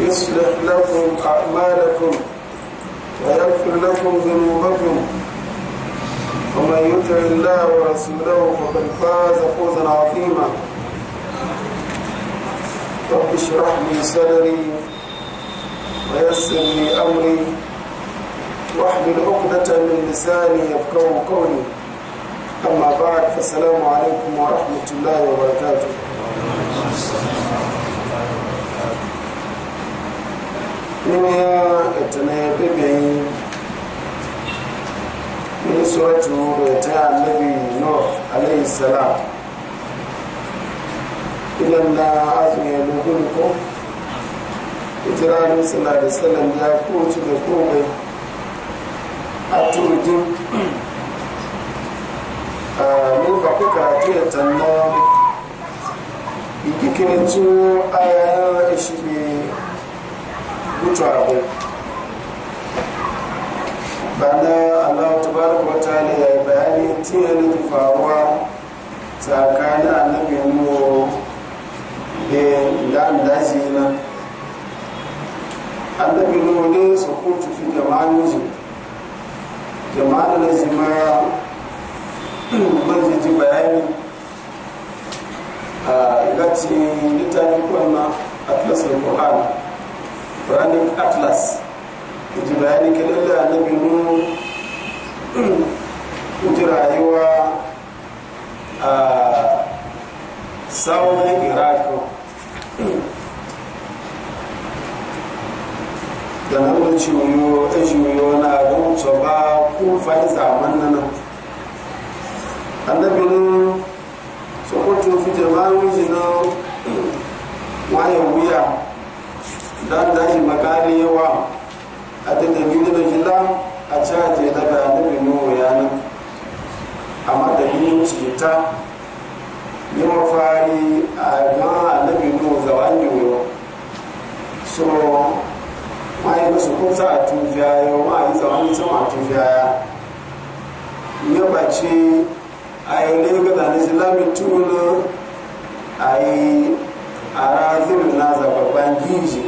يصلح لكم أعمالكم ويغفر لكم ذنوبكم ومن يطع الله ورسوله فقد فاز فوزا عظيما رب اشرح لي صدري ويسر لي أمري واحمل عقدة من لساني يفقه قولي أما بعد فالسلام عليكم ورحمة الله وبركاته nínú ìtàn ẹgbẹ́ bẹ́ẹ̀ ní sọ́ọ̀tù rẹ̀ tẹ́ àlẹ́bí da aláìsàlá ilẹ̀ ńlá azùn ẹ̀lú gbólùkọ́ ìtura ní sọ́lá dẹ̀ sẹ́lẹ̀ ń dá kóòtù dẹ̀ kóòwẹ̀ atúrúdú ní pàkókà àti ìtàn náà ìkíkiri tún ayẹyẹ ìṣìlẹ̀ mutu akwai bana allahu tabaraka wa ta'ala ya bayani tun yana ke faruwa tsakanin annabi nuhu da daji na annabi nuhu ne su kutu fi jama'an miji jama'an na zima manjiji bayani a gati littafin kwanna a filasar ƙwaƙwani quranic atlas ji bayani kalilla na nu kuji rayuwa a sauran iraq da nan ciwo ta ciwo na rauce ba kufa ya zaman nan annabi nu sokoto fi jama'in na wayan wuya dan da shi makani yawa a ta tafi da shi da a caje na da nabi nuhu ya nan amma da yin cita yi mafari a ga nabi ma yi basu ko sa a yau ma yi tufiya ya yi bace ne ga zila islamin tunu a yi a naza na zababban giji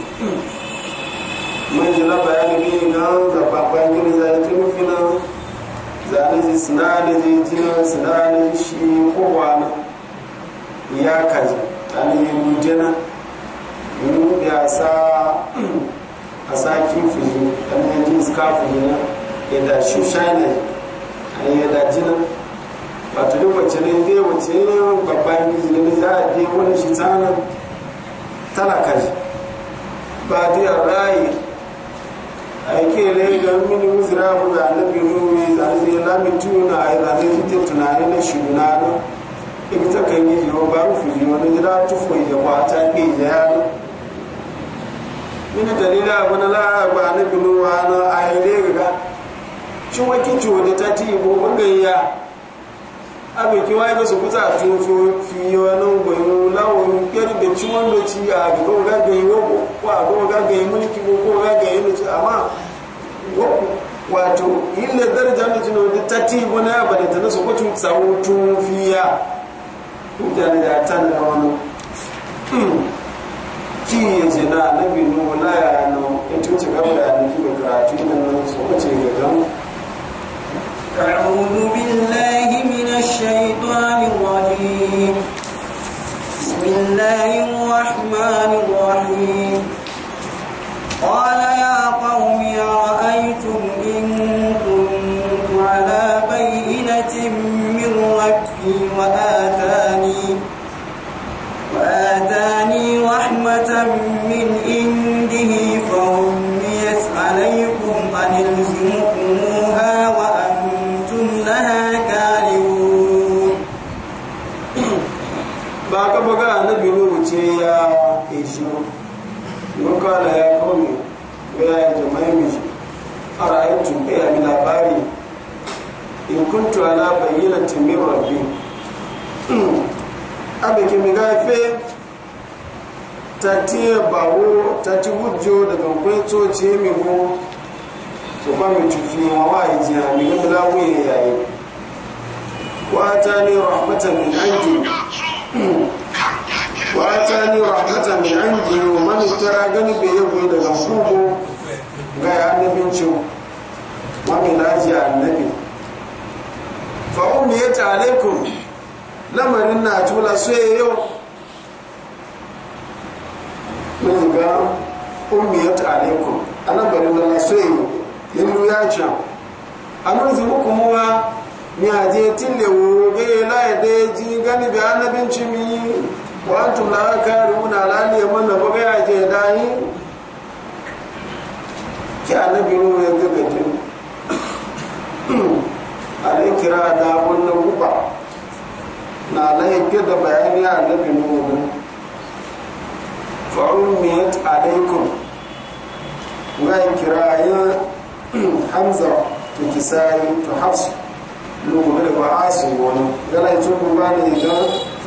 mun ji na bayani gini na zababban gini za tun fina zane ji sinari ji shi kowa ya kazi ani ji mujina yin ya sa a sa kifuji yaani zane ji skafuji na yadda shushane ani yadda jina watu duk wacce ne dai wacce babban giji ne za a je wani talaka ji ba diyar rayi aike ne ga mini muzira mu da annabi rumi da zai yi lami tuna a ai da zai fitin tunani na shuna na ta kan yi jiwa ba rufi jiwa wani jira tufo ya kwata ke da yaro mini dalila abu na lara ba annabi rumi wa na aile ga ciwaki ciwo da ta ti ibo bangayya agbègbè wáyé bó sòkúta àti fi ọ̀nà ògbòyìn láwọn gbẹ́rùgbẹ̀ tí wọ́n lò ti àgbègbè ọ̀gágbẹ̀ ìwọ̀pọ̀ kó àgbẹ̀ ọ̀gágbẹ̀ ìmúlìkì gbogbo ọ̀gágbẹ̀ ìlú ti àmà wọ́pọ̀ wato ilẹ̀ daraja da jino da ta ti wani abu da ta nasa kwacin tsawo tun fiya mutane da ta na wani ki ne ce na nabi nuhu na ya no e ya tuce gaba da nufi ga karatu da nan so kwace ga gamu أعوذ بالله الشيطان الرجيم بسم الله الرحمن الرحيم قال يا قوم أرأيتم إن كنت على بينة من ربي وآتاني وآتاني رحمة من عنده فهو ce ya ishi yau da ya kome a ra'ayin labari in kuntu ala bayyana ta tiye bawo ta ti daga kwai tsoci mai to ba wa yi jiya bula yayi wa ne rahmatan min وآتاني رحمة من عندي ومن اتراغني بيبوي لغفوبه غير النبي شو ومن أجي النبي فأميت عليكم لما ننا تولا سيو من قام عليكم أنا برنا سيو يلو ياجا أنا زمكم هو ni aje tille wo be la de ji gani be annabin cimi wàtún láàkárí wọn àlàálì ẹmọ náà wọ́n bẹ́ẹ̀ àjẹ ẹ̀dá yín kí ce ló rẹ gẹ́gẹ́ dé àlékèrè àdá wọn náà wúpa náà láyé gbé dọ̀bà yá ní ànábi ló wọn ta mìíràn àlékùn kira hamza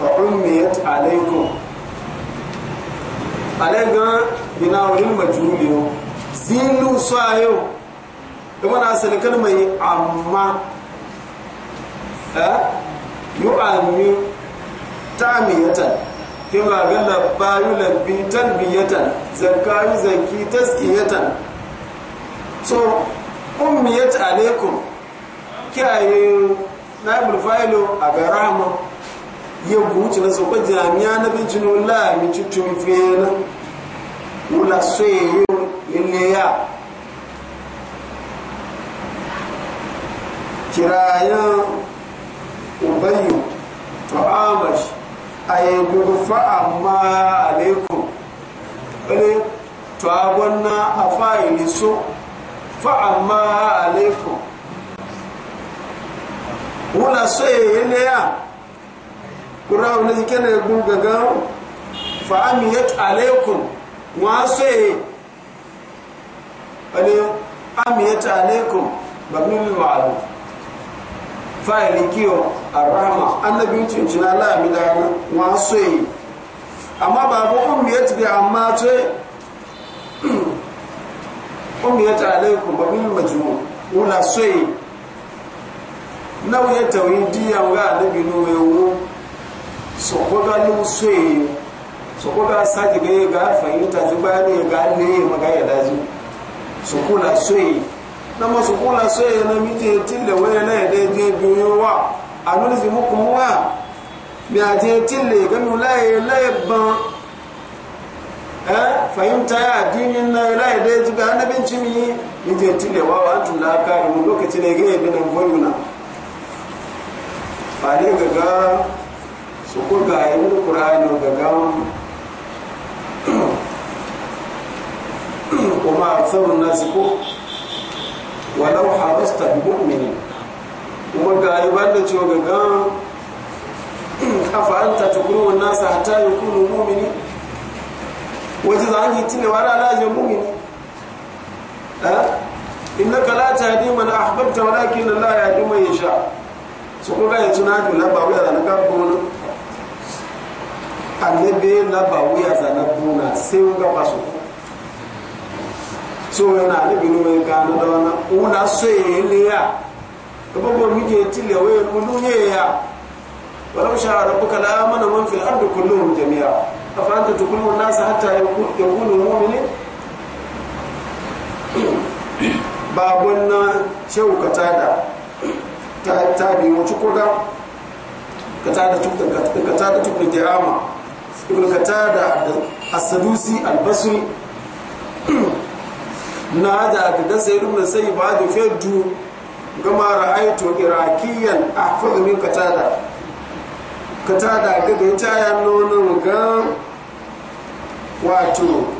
فعميت عليكم عليك بناء المجهول زينو صايو كما أصل كلمة عما أه؟ يعمي تعمية كما قال بايو لبي تلبية زكاي زكي تزكية سو ummiyat عليكم kiyaye na ibul failo a yau ku wuce na sokwa jami'a na bincin wula mi cikin fena wula soye yau lalle ya kirayen ubayu to amash a yi gurfa amma alaikum wani to agon na a fa'ili so fa amma alaikum wula so soye lalle ya kurawo na jike na gun gaga fa'amiyat alaikum wa sai ale amiyat alaikum babin lil ma'ruf fa'ili kiyo arrahma annabin cincin Allah mi da wa sai amma babu ummiyat bi amma ce ummiyat alaikum babin majmu wala sai nawiyat tawhidiyan ga annabi no mai sokoga lusoyi sokoga saki ga ga fahimta ji bayani ga ne magaya daji sokula soyi na ma sokula soyi na mije tille wani na yadda je biyo wa a nulzi muku muwa bi a je tille ga nula eh? ya laye ban fahimta ya addinin na ila ya dai jiga annabin cimi mije tille wa wa tun da yi lokaci ne ga yadda na voluna ba ga Sukur ga yi qur'ani ga gawon kuma aksarun nasi ko walau harasta bi mu'minin kuma ga yi da cewa ga gawon afa kuma tukuru nasa hatta yakunu mu'minin wajen za a yi tile wa rana ya mu'mini eh? innaka la tahdi man ahbabta walakin Allah yahdi man yasha su kuma ga yanzu na dula ba wai da na gaba wannan annabi laba wuya zana buna sai ga basu so yana bi no ka na da wana una so yele ya to babu mije tile waye mulu ne ya la sha rabbuka la amana man fil ardi kulluhum jami'a afa anta tukunu an-nas hatta yakunu mu'minin babun na shehu tada ta ta biyo cukuda katada ka tada cukuda ama ibn qatada as-sadusi al-basri na da da sai ibn sai ba da fedu gama ra'aitu irakiyan ahfaz min qatada qatada ga ga ta ya nono ga wato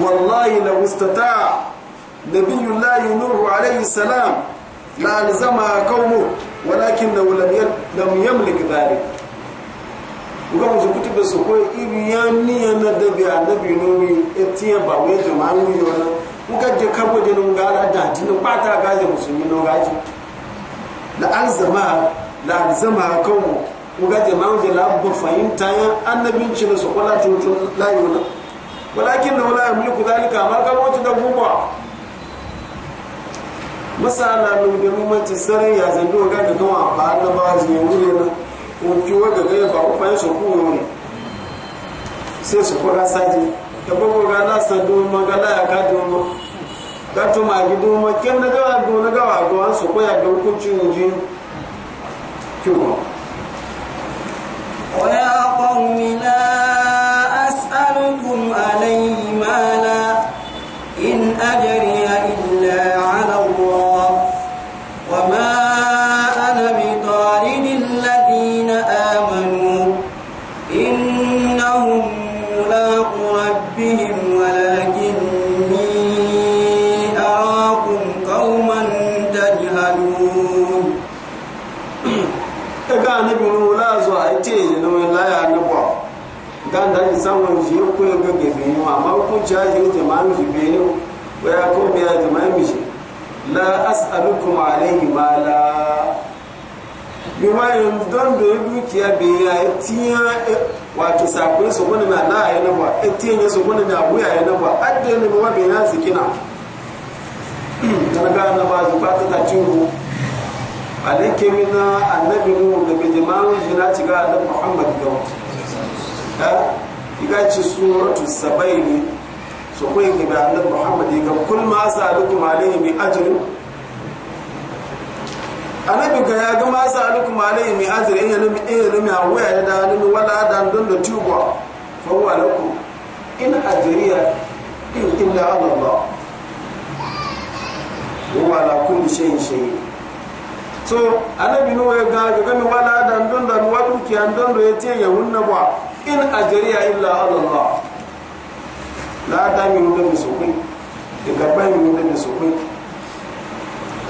wallahi law istata nabiyullahi nuhu alayhi salam la alzama qawmu ولكنه لم يملك ذلك nga mu zukuti be soko iri ya ni ya na dabi lórí no wi etiya ba we jama'a ni yo na nga je kabo de no nga la da tin ba ta ga je musulmi no ga ji la alzama la alzama kawmu la ba fahimta la na ma ka mutu da gumba masala mu ya ga ba na ba na ojú wọ́gẹ̀ lóyìn bá ó fẹ́ sọ̀kú òun sí sai sáájú ẹgbogbo ga lásán dún mọ́ galáyà ká dún mọ́ gátó máa gí dún mọ́ kí ẹmọ́ gáwà gún ọ́nà gáwà gún ọ́n sọ̀kọ́ yà gbẹ̀rù kú tí òun jí kí te ne wani laya na ba gan da ni san wani fiye ko ya ga gebe ni amma ci ajiye jama'a mi fiye ne ko ya ko ya jama'a mi shi la as'alukum alayhi ma la bima yin don do be ya e e wato sakon su wani na la ya na ba etiyan su wani na buya ya na ba adde na zikina na ba alike mina annabi nu da bijimanu ci ga annabi muhammad da ha eh? iga ci suratu sabaini so ko yake da annabi muhammad ga kul ma sa'alukum alayhi min ajrin annabi ga ya ga ma sa'alukum alayhi min ajrin yana mi eh mi awaya da da ni wala da don da tuba fa huwa lakum in ajriya illa ala allah huwa ala kulli shay'in shay'in so annabi nuwa ya ga ga mi wala dan don dan wa ki an don do yace ya wunna ba in ajriya illa ala allah la da mi mun da misukun da gaba mi mun da misukun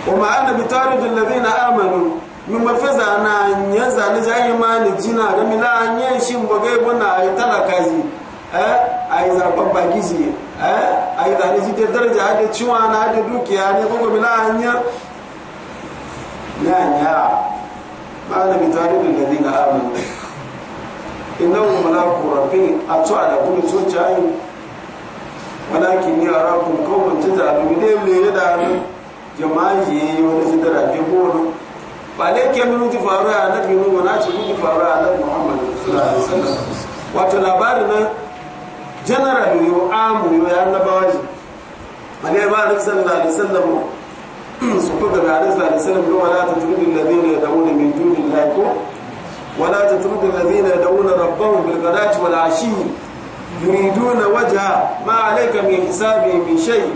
kuma annabi tarid alladhina amanu min mafaza na nya zani jayi mani jina da mi la nya shin bogai bona ay talakazi eh ay za ba ba gizi eh ay da ni ji jide daraja da ciwa na da dukiya ne ko mi la nya نانيا ما أنا بطارد الذين آمنوا إنهم ملاك ربي أتوعد كل سوء ولكن يراكم قوما تجعلون ليه يدعون jama'a yi wani sidara ke gona ba ne ke mun ji faru a nabi mun wana ci faru a nabi muhammadu sallallahu wato labarin na general yo amu yo سقط بعد صلى الله عليه وسلم ولا تطرد الذين يدعون من دون الله ولا تطرد الذين يدعون ربهم بالغداة والعشي يريدون وجهه ما عليك من حسابهم من شيء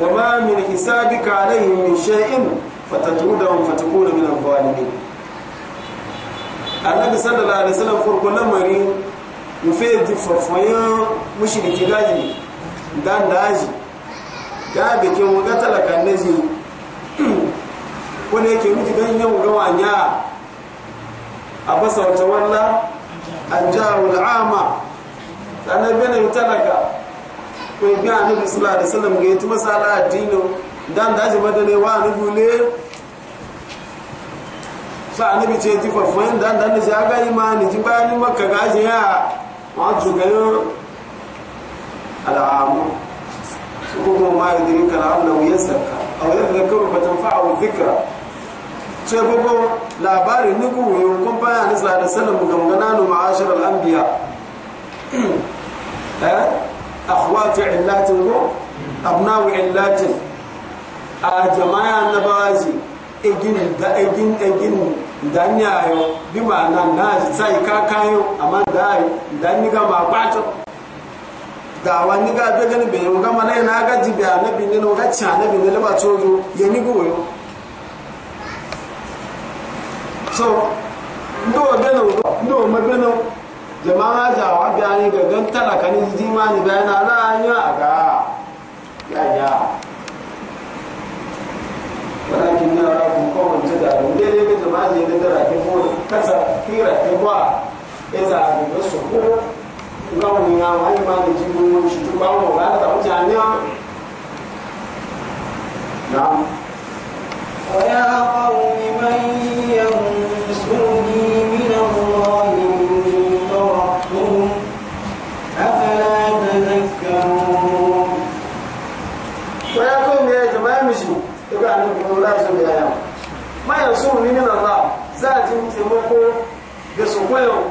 وما من حسابك عليهم من شيء فتطردهم فتكون من الظالمين annabi sallallahu alaihi wasallam farko lamari mu fe di farfayan mushriki gaji dan daji ga bikin wata talakan naji wani yake miji don yau ga wanya a basa wata walla an ja'ul ama sanar bane talaka ko bi annabi sallallahu alaihi wasallam ga yati masala addini dan da ajiba da ne wa annabi ne sa annabi ce ji fafan dan dan da ga imani ji bani makka ga ji ya ma jugayo al'amu su kuma ma yi yudrika al'amla wuyan sarka aw yadhakkaru fatanfa'u dhikra ce gogo labarin nuku yau kun baya ni sa da sanin gangana no ma'ashar al-anbiya eh a jama'a annabawaji egin da egin egin danyayo bi ma'ana na ji sai kakayo amma da dan ni ma kwato ga wani ga da gani bai ga mana yana ga jibi annabi ne no ga na annabi ne laba tozo ya ni goyo so ndo wa gano ndo magano jama'a jawa bayani ga gan talaka ni ma ni bayana a ga ya ya walakin na rabu kawai jada ne ne ga jama'a ne da rafi ko kasa kira ke ba eza ga su kuma ngawo ni ngawo ayi ma ni jibu mu shi tu bawo ga ta mu janya na wa ya qawmi man yansuni min Allah min tawakkum afala tadhakkarun wa ko ya min za ta taimako da su koyo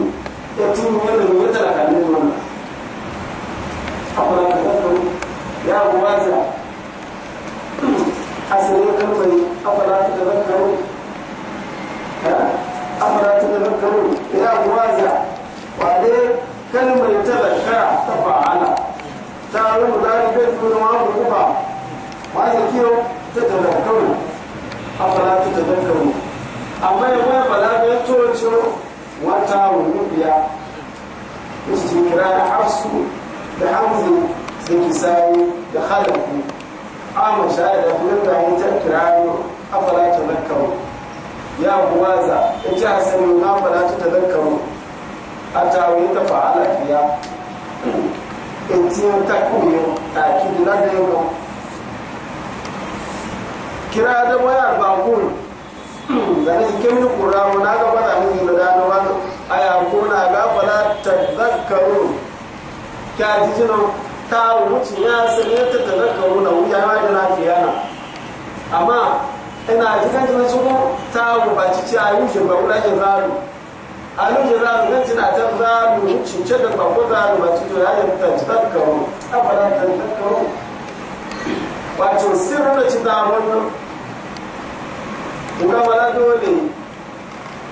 ya turu wanda bai wata lakanni ne wannan akwai lakanni ya buwata asali kan bai afala ta da zakaru ta ta ta rubu dari bai turu ma ta ta kira da hafsu da hamzu sai kisayi da halaku amma sha'ada da kuma da yin takirayo afala ta zakaru ya buwaza in ci hasanu na afala ta zakaru a tawuri ta fa'ala fiya in ci yin takuyo a kidi na da yau kira da waya bakun da nake kemni kura mu na gaba da mu yi da da aya kuna ga fala tadhakkaru ka dijino ta wuce ya sanya ta tadhakkaru na wuya ma da lafiya na amma ina jikan jikan su ta gubaci ci ayu shi ba wula ke zalu alu ke zalu nan tana ta zalu wuce ce da ba ko zalu ba ci to ya ta tadhakkaru afala tadhakkaru wato sirrin da ci da wannan kuma mala dole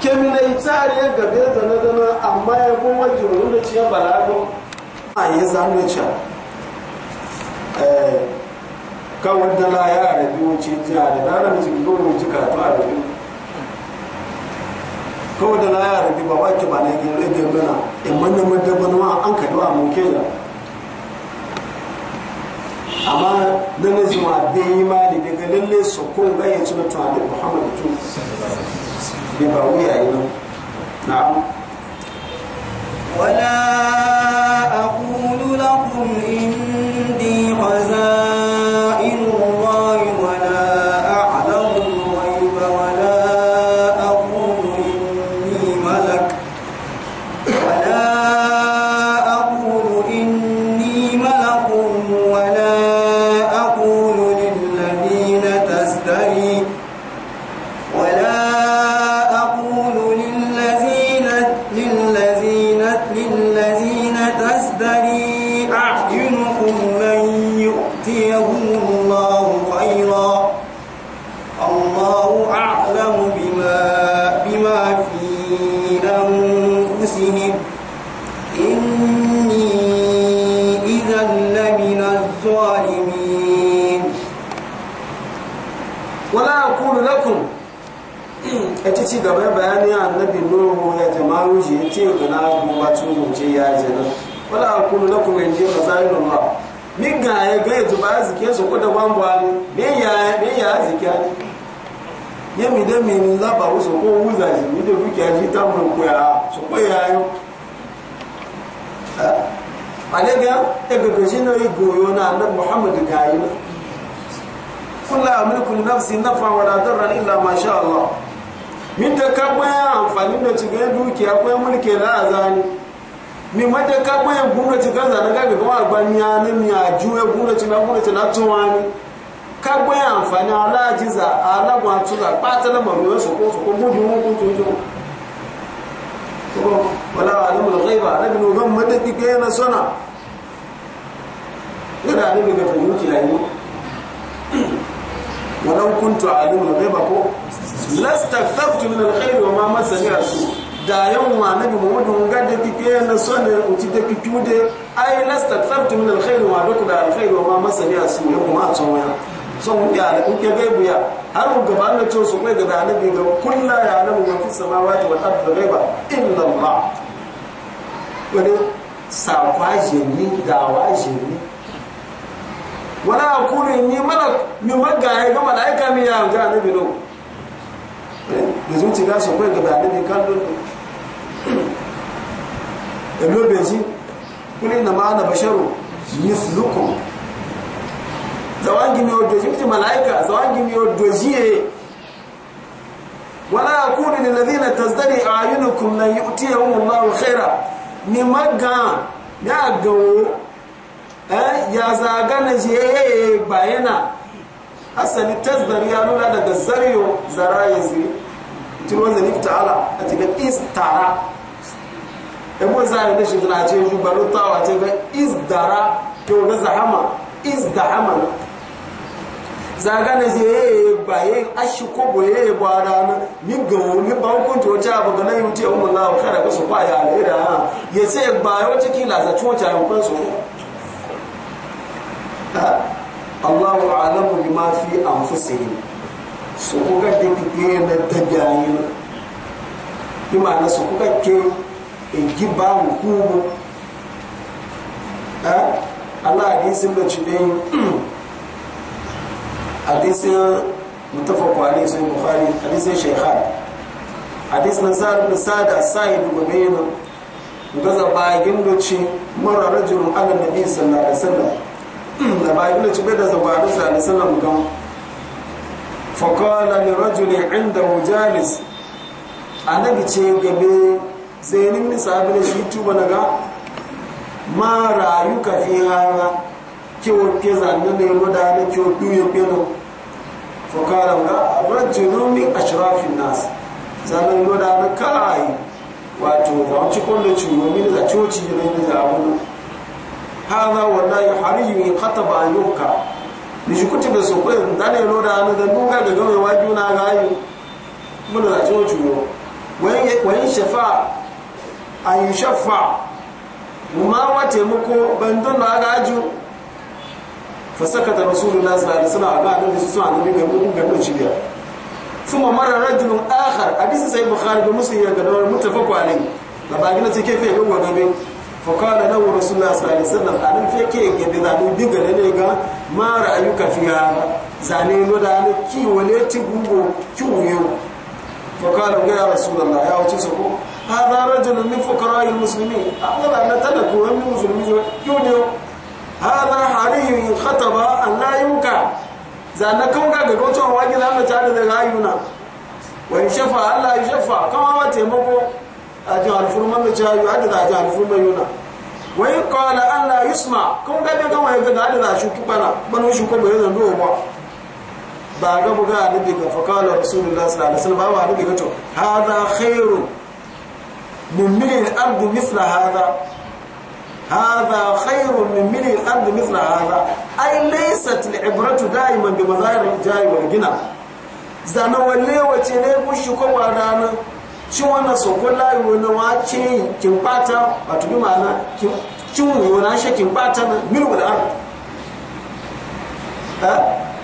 kemina itari ya gabe zana zana amma ya kuma jiru da ciyar balago a yi zanu ca eh, kawar da la ya rabi wuce jiya da na rabi jikin gori wuce to a rabi kawar da la ya rabi ba ba ki ba na gina rage gana in manna madaban wa an ka a mun kenya amma da na jima da yi ma da daga lalle su kun gayyaci na tuwa da muhammadu tun بما ويعين نعم ولا أقول لكم إني خزائن ya ci ci gaba bayanin annabi nuhu ya jama'u shi ya ce ga na kuma ba mu ce ya ce nan wala kullu lakum in ji masailun ma min ga ya ga yanzu ba zike su kuda da ban bwani me ya me ya zike ya mi da mi la ba su ko wuza shi mi da kuke ji ta mun ko ya su ko ya yo ale ga e ga ga shi no yi goyo na annabi muhammad ga yi kullu amliku nafsi nafa wa la darra illa ma sha Allah midda ka baya amfani da ci ga dukiya ko mulke la zani mi mata ka baya gura ci ga zana ga ga ba miya ne miya juwe gura ci na gura ci na tuwani ka baya amfani ala jiza ala ba tu ga pata na maro so ko so ko mu bi mu ko to to wala alimul ghaiba nabi no gan mata ti ga na sona yana ne ga fahimci yayi walau kuntu alimul ghaiba ko lastaftu min alkhair wa ma masani asu da yawan annabi Muhammadu ga da kike na sone uti da kikude ai lastaftu min alkhair wa doku da alkhair wa ma masani asu ya kuma a tsawon ya so mun ga da kuke ga buya har mun gaba na to su kai ga annabi ga kullu ya alamu ma fi samawati wal ardi ghaiba illa Allah wani sakwaje ni dawaje ni wala akulu ni mana mi maga ya ga malaika mi ya ga annabi no da zuci ga su kai gaba da kan don da lobe ji kuli na ma'ana basharu mislukum zawangi mi odoji kuti malaika zawangi mi odoji e wala yakunu lil ladina tazdari ayunukum lan yu'tiyahum Allahu khaira ni maga ya gawo eh ya zaga na je eh, bayana asali tasdari ya nuna daga zariyo zara ya ziri tun yi ni ala, a is tara ɗan zari da shi zara ce yi baro wa ce ga is dara to na zahama is da hamana zaga na je ya eh, ba ya ashi ko bo ya yi ba rana ni ga wani bankun to ta ba ga na yuti ya umar kada ku su ba ya alera ha ya ce ba ya wata kila za ta Allahu a'lamu bima fi anfusihim su kuka da kike na tagayin bi ma'ana su kuka ke in ji ba hukumu a Allah hadisin da ci dai hadisin mutafaqu alayhi sahih bukhari hadisin shaykhan hadis na sa'ad bin sa'ad as-sa'id bin gaza bagin da mura rajulun sallallahu alaihi wasallam da ba ibnu cibe da zabaru sa da sallam gan fa qala li rajuli indahu jalis annabi ce gabe sai ni misabi da shi tuba daga ma rayuka fi hana ke wote zanne ne roda ne ke duye pelo fa qala ga rajulun min ashrafin nas zanen roda na kai wato ba ci kullu ciwo min da coci ne da abunu hadha wallahi hariyu khataba ayyuka ni jukuti be sokwe ndane loda anu da nunga ga gawe waju na gayu mun da joju wayin wayin shafa ayu shafa muma wate muko bandun na gaju fasakata rasulullah sallallahu alaihi wasallam aga da su an ne ga mun ga doci biya thumma marra rajulun akhar hadisi sai bukhari da muslim ya ga da mutafaqu alai da bagina take fe ga gobe fakwada na wurin suna tsari suna hannun feke ga bizanu diga da lega mara ayyuka fiye ba zane no da hannun kiwo ne ci gugu kiwo yau fakwada gaya da suna na ya wuce sako ha zara jini ne fukarayin musulmi a wadda na tana kuwa yi musulmi yau ne ha zara hari yi hata an layuka zane kawo ga gocewa wajen hannun cari da layuna wani shafa Allah ya shafa kawo wata yi أجهل فرما مجاي وعدد أجار فلما ينا وإن قال ألا يسمع كم قد يقوم يقد عدد أشوك بنا بنا وشوك بنا نوما بعد بقى ندق فقال رسول الله صلى الله عليه وسلم أبا ندق هذا خير من ملء الأرض مثل هذا هذا خير من ملء الأرض مثل هذا أي ليست العبرة دائما بمظاهر الجاي والغنى زنا وليه وتنيه مشي كوا shi wannan sokon layi wani wa ce kin bata wato bi ma'ana kin wuyo na shi kin bata na milu da ardu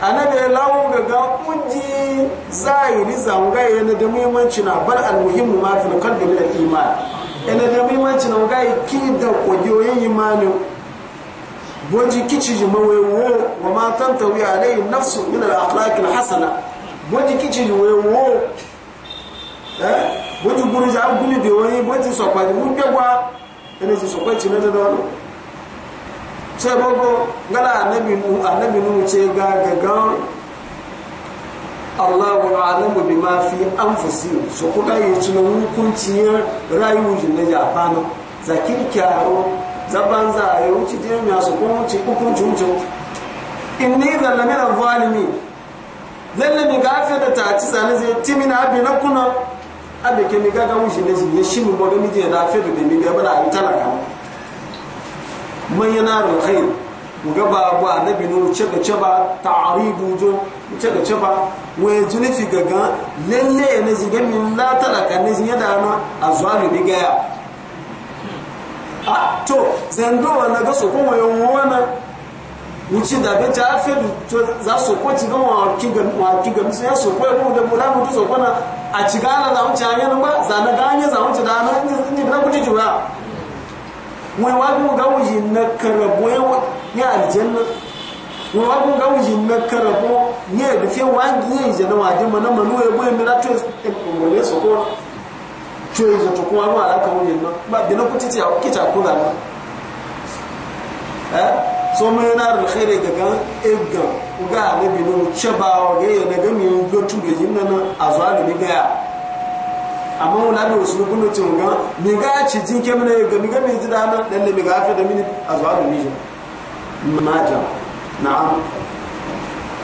annabi ya lawo gaga kunji zahiri zangaye na da muhimmanci na bar almuhimmu ma fi qalbi da milar iman yana da muhimmanci na ga ki da kogiyoyin imanin boji kici ji mawewo wa ma tantawi alayhi nafsu min al-akhlaq al-hasana boji kici ji wewo eh bóti gbúrú ṣe agúlì dè wọ́n yí bóti sọ̀pá ní mú gbẹ́gbá ẹni ti sọ̀pá ìtì lọ́dọ̀ lọ́nà ṣe gbogbo gálà ànẹ́bìnú ṣe ga gẹ̀gán Allahu alamu bi ma fi anfusi so yi tunan hukunci rayu jin na Japan zakir zaban za a yi wuce diyar mai su kuma wuce na abe ke mi gaga wuce ne shi shi mu mo gani je da mi ga bana ai talaka man yana ro kai mu ga ba ba annabi no ce ga ce ba ta'ribu jo ce ce ba fi gaga lalle ne ji ga min la talaka ne da na azwalu bi ga a to ga so ko wana wuce da bai ta fe to za so ko ci ga wa ki ga wa ki ga so ko da mu da mu so ko na a ci gana za mu ci hanyar ba za na ganye za mu ci da na na kudi jura wani wa kuma ga wuji na karabo ya aljanna wai wa kuma ga wuji na karabo ya yi fe wa gi ya jana na waje mana manu ya boye mira to ya ngole su ko to ya zato kuma ruwa ala ka wuji na ba da na kuti ci a kita kula na eh so mun na alkhairi ga e gan egan ga bi no wuce ba ga yi na gami yin gotu da yin na na zuwa da ni gaya amma wula da wasu rukun da cin gan mi ga chi jin kem na yi gami gami ji da na dan ne mi ga fa da mini a zuwa da ni ja na'am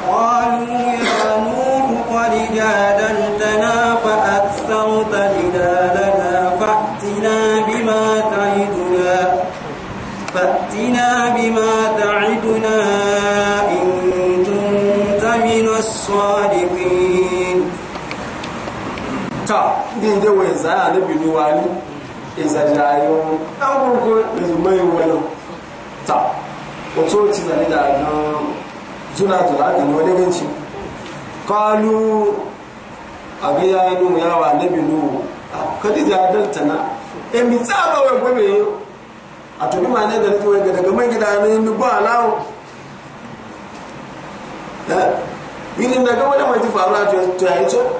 قالوا يا dai da wai za a nabi nuwa ni an gurgu da zumai wani ta wato ci zane da nan zuna zuna da wani ganci kalu abu ya yi nuwa yawa nabi nuwa kadi da dalta na e mi tsaba wai gobe a tuni ma ne da nake wai ga daga mai gida ne mi ba alawo eh ne daga wani mai faru a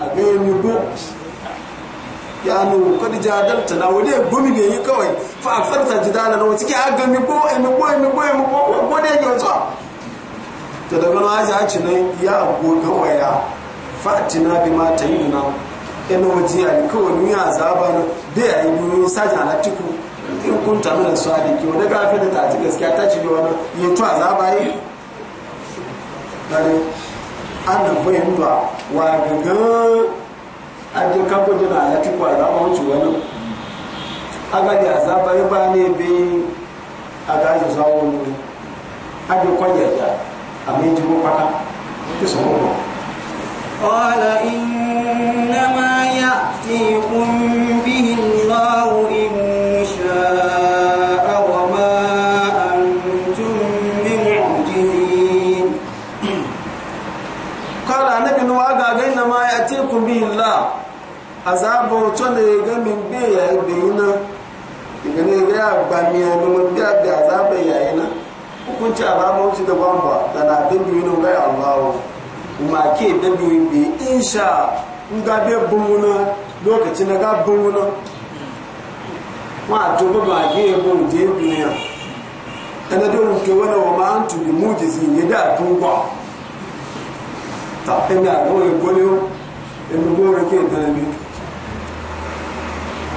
a ga yi mu ya nu kad jadalta na wani gumi ne yi kawai fa a farta jidala na wata ke a ah, ga mi ko mi ko mi ko mi ko ko ne ke so to daga na aji aci ne ya goga waya fa atina bi ma ta yi na ina waje ya ni kawai ni ya da ya yi duniya saja na tiku in kunta mana su adiki wani gafi da ta ci gaskiya ta ci wani yi to yi ana fahimta wa gaga ajin kabo jina ya ci kwa zama wuce wani aga da azaba ya ba ne bi aga su zawo ne ajin kwanya ya a mai jiro kwata ki sauro قال إنما يأتيكم azaba ọ̀tọ́ na ege mi gbé ya ebe yìí náà na ege àgbà mi ya lọ́mọ gbé àgbà azaba ya yìí náà kukun ci azaba ọ̀tọ́ da gbàmbà da na abẹ́bi yìí náà ya ma ke bi insha nga bẹ bunmu na lokaci na ga bunmu na wọn ma ge ebo òjì ebi ya ẹni tó ń tó wọn wọn máa ń tù ní mú jìsì yìí ta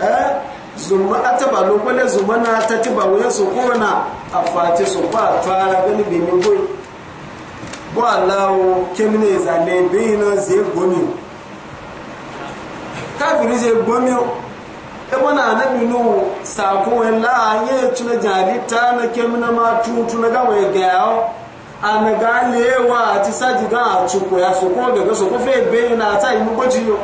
Eh, zuma a taba lokole zuma na ta tiba wuyan na afo a fati su ba fara gani bi mi goyi bo alawo kemine zane bi na ze gomi kafiri ze gomi e bona anabi nu sako en la anye tuna jadi ta na kemina ma tutu na gawa ga anaga lewa ti sajiga a chuko ya so ko ga so ko fe be na ta imu gojiyo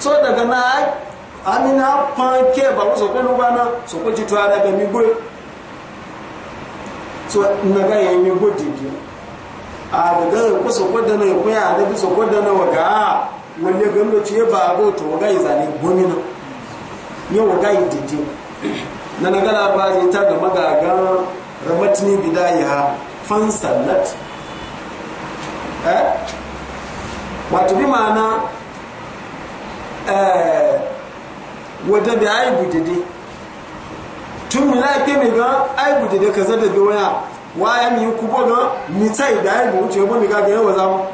so daga na amina panke ba ku sokwe no bana sokwe jitu ara be mi gbe so naga ye mi gbe didi a daga ku sokwe da na ku ya da sokwe da na waga wanda gando ci ba go to waga izani gomina yo waga didi na ba labari ta da magaga ramatni bidaya fan sallat eh uh, wato bi ma'ana Eh, wadda da aibu dede tun mu la ke mi ga aibu dede kaza da do ya wa ya mi ku bo ga mi tai da aibu ce bo mi ga ga yawa zamu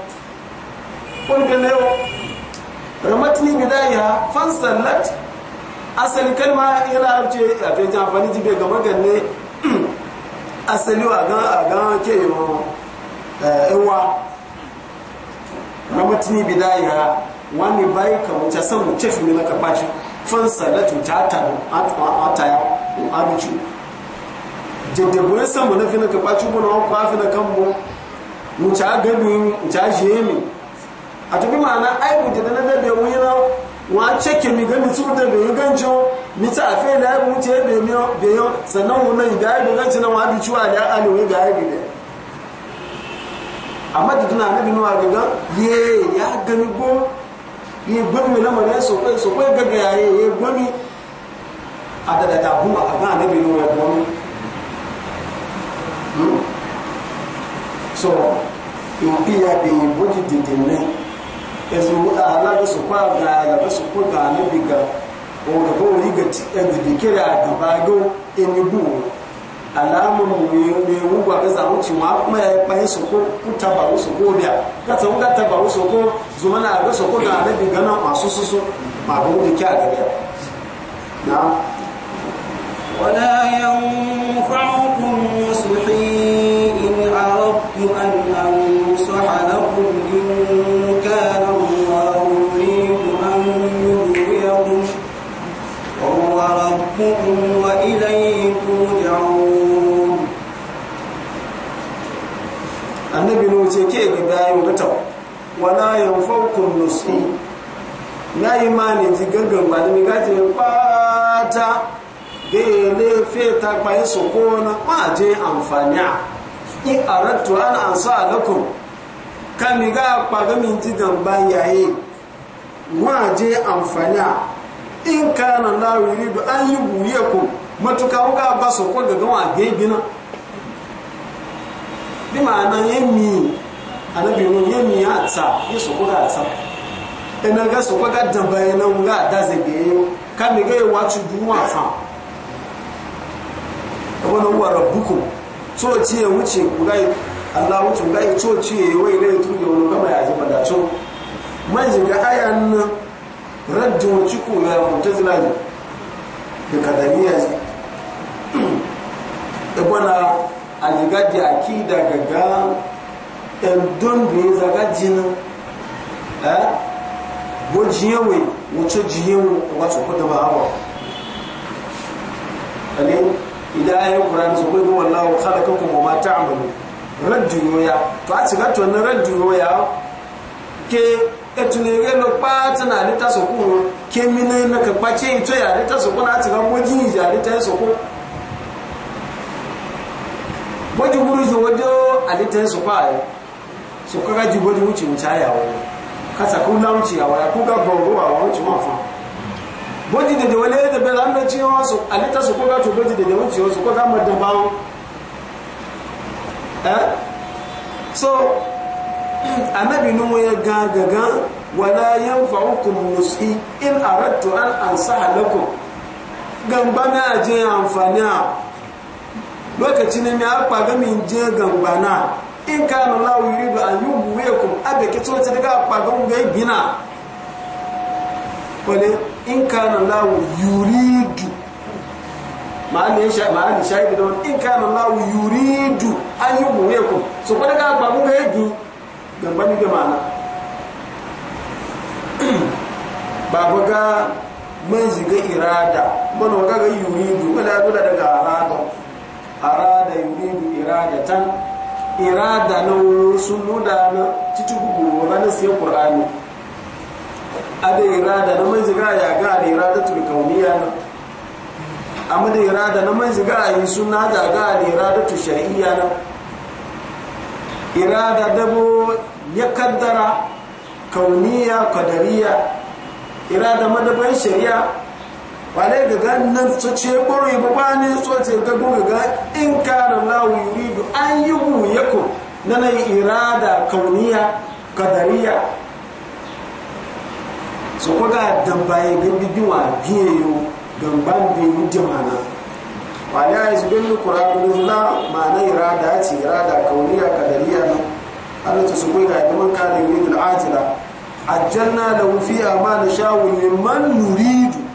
kun ga ne ramatni bidaya fan sallat asali kalma yana arce a fe ta amfani jibe ga maganne asali a ga a ga ke yawa eh, ewa ramatni bidaya wani bai ka wuce san wuce su na kafaci fansa na cuta ta ataya abici jaddabu ya san mu na fi na kafaci mu na wani kwafi na kanmu wuce gadu wuce mi a tafi ma'ana ai bu jadda na dabe mu yana wa ke mi gani su da bai ganjo mi ta fe na ai wuce ya bai miyo sannan mu na ga ai na wani da ga ai amma da tuna na ye gbami na mane so ko ko gaga ya ye gbami adada ta huma bi no hmm? ya gbami so in biya bi bodi didin ne ezu ala da so kwa ga ya da so ko ga bi ga o da ko ri ga ti e bi kira ga ba go eni bu alamun mai wugwa ga zamu ci ma kuma ya bayi su ko kuta ba su ko biya ka ta wuga ta ba su ko zuma na ga soko ko ga na bi gana masu su su ma ga wuga ki a ga biya na wala yanfa'ukum muslihi in aradtu an ansaha lakum in kana Allah yuridu an yudhiyakum wa huwa rabbukum wa ilayhi annabi no ce ke ga gayin rata wala yanfaukum nusi na imani ji gangan ba da migaje kwata da ya lefe ta kwaye su kona ma je amfani a in arattu an ansa lakum kan miga ga min ji gamba yayi ma je amfani a in kana na yuridu an yi buye ku matuka kuka ba su kwa ga wa gebina bí na ihe mi anabiru yẹn mi ata yẹ sọkọ ká ata ẹnna ká ga ká dàbà yẹn náà ga e. ká àdáze gẹ̀ẹ́ yẹn ya ká yẹ wá tu dùn wọn àfa ẹ̀wọ́n náà wọ́n ara bukú tó o tiẹ̀ wọ́n ala wọ́n tún láyé tó o tiẹ̀ wọ́n yẹ lẹ́yìn kama ya a jiga ji a ki daga ga ɗan don da ya zaga jina a bo jiyewe wato jiyewe wato kudu ba hawa ale idan ayi qur'an so ko wallahu khalaqakum wa ma ta'malu raddu ya to a cika to na raddu ya ke etune ga no pata na ni ta so ko ke mini na ka pace ito ya ni ta so ko na ci ga mo ji ya ni ta so ko wajen wuri zo wajen alitan su kwa yi su kaga ji wajen wuce wuce ya wani kasa kun na wuce ya wani kuka gauru a wani wuce mafa wajen da da wale da bai zama ci yawa su alitan su kuka to wajen eh? da da wuce wasu kuka ma da bawo so annabi nuhu ya gagaga wala yanfa'ukum nusi in aradtu an ansaha lakum gamba na je amfani a lokaci ne mai akpa ga min je gambana in ka no la wuri do an yubu we ko abe ke tsoce daga akpa ga mun ga gina wale in ka no la yuridu ma ne sha ma ne sha ga in ka no la yuridu an yubu we ko so ko daga akpa mun ga gi gambani ga mana ba ga man shiga irada mana ga ga yuridu wala guda daga arada arada yuridu iradatan irada na sunnuda na titugu gora na sai qur'ani ada irada na man ya ga da iradatul kauniya na amma da irada na man ziga yi sunna ga da iradatul shar'iyya na irada dabo ya kaddara kauniya qadariya irada madaban shari'a wale ga ganin su ce buru yi ne so ce ga gugu ga in kara lawu yuridu an yi ku na na irada kauniya kadariya su kuka dambaye ga bidiwa biye yau gamban biyu jimana wale ya yi su bin ma na yi irada ce irada kauniya kadariya na Allah ta su kuga ga man kare yuridu al'ajila ajjalna lahu fi ma wuyi man nuridu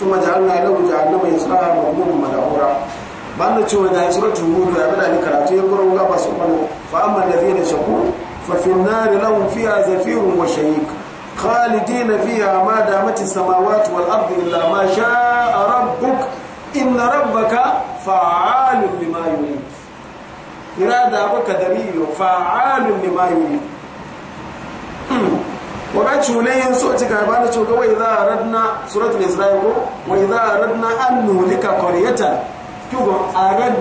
ثم جعلنا له جهنم يصلاها مغموم مدعورا بعد شو هذا يسرى جمهور يعبد على كراتو يقرأ وقابا سبحانه فأما الذين شكوا ففي النار لهم فيها زفير وشيك خالدين فيها ما دامت السماوات والأرض إلا ما شاء ربك إن ربك فعال لما يريد إرادة أبوك دميه فعال لما يريد waga cunayin so ci gaba da cuka wa idza aradna suratul isra'i ko wai za a aradna an nuhlika qaryatan kugo wai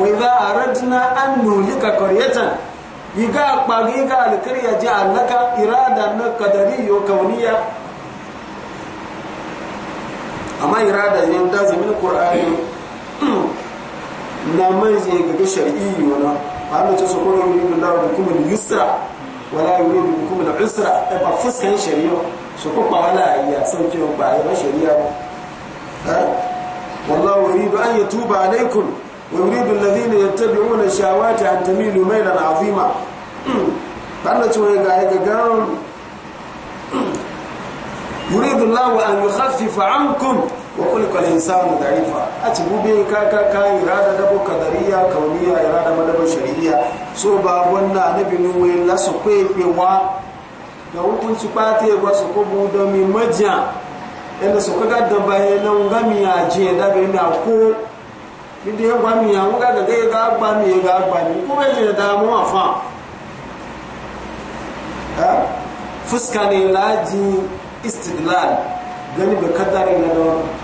wa idza aradna an nuhlika qaryatan yiga kpagi ga alkarya ji allaka irada na kadari yau kauniya amma irada ne da zamin qur'ani na mai je ga shar'i yo na ba mu ta so ko yuri da kuma yusra wala yuridu bikum al-usra ba fuskan shari'a su ko ba wala ya sauke ba ya shari'a ba wallahu yuridu an yatuba alaykum wa yuridu alladhina yattabi'una shahawati an tamilu maylan 'azima balla cewa ga ga gan wa kulka da insanu da'ifa a كا bube ka ka ka irada da kadariya kauniya irada madaba shari'a so ba wannan nabi nu wai la su kwefe wa da hukunci kwate ba su ko bu mi ka ya je da bai na ko bidi ya gwami ya da zai ga gwami ya ga gwami ko bai je da mu afa fuska ne laji istidlal gani bai kadari na da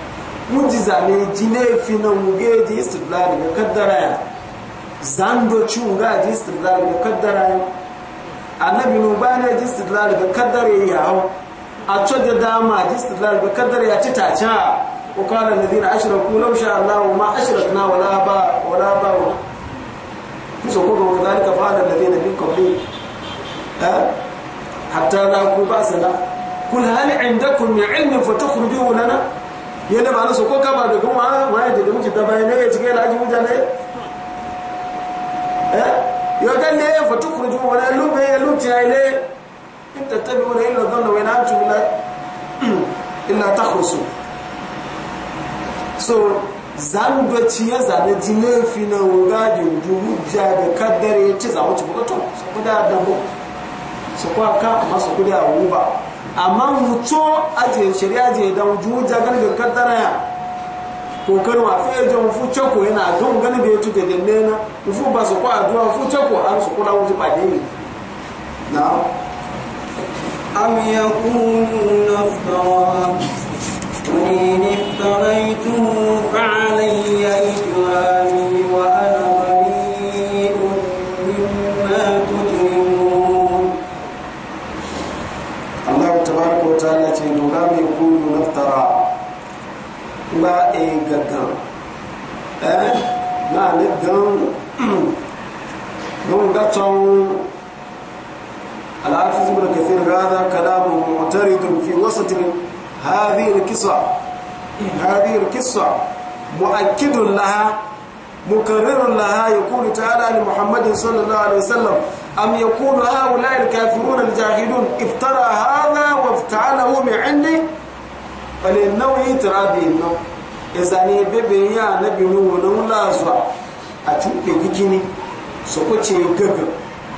mujiza ne ji laifi na muge ji istidlali ga kaddara ya zando ci muga ji istidlali ga kaddara ya annabi nu ba ne ji istidlali ga kaddara ya hau a coje dama ji istidlali ga kaddara ya ci taca ko kana ladina ashraku law sha Allah ma ashrakna wala ba wala ba kusa ko ga zalika fa da ladina min qabli hatta za ku ba sana kul hal indakum min ilmin fatukhrijuhu lana yadda ba na ko kaba da kuma waye da muke da bayan ne cikin laji mutane eh yo dan ne fa tukhruju wa la lube ya luti ile in tattabi'una illa dhanna wa la tumla illa takhrusu so zan ga ciye zane jinin fi na wuga da dubu ja da kaddare ya ci zawo ci bukato su kuda da bu su kwa ka amma su a wuba amma mutum je shari'a je da juja galibin kaddara ya kokarin wa fiye jan fu cako yana don da ya tuke dinne na fu ba su kwa aduwa fu cako har su kula wuce ba ne na am yakunun naftara قل إن افتريته فعلي إجرامي ما إيقاقام أه ما نقام من قطعون الحافظ ابن كثير هذا كلام معترض في وسط هذه القصة هذه القصة مؤكد لها مكرر لها يقول تعالى لمحمد صلى الله عليه وسلم أم يقول هؤلاء الكافرون الجاهلون افترى هذا وافتعله من عندي wale nauyi tirabi no ezani bebe ya nabi nuhu wula zuwa a cuɓe gikini su kuce gaga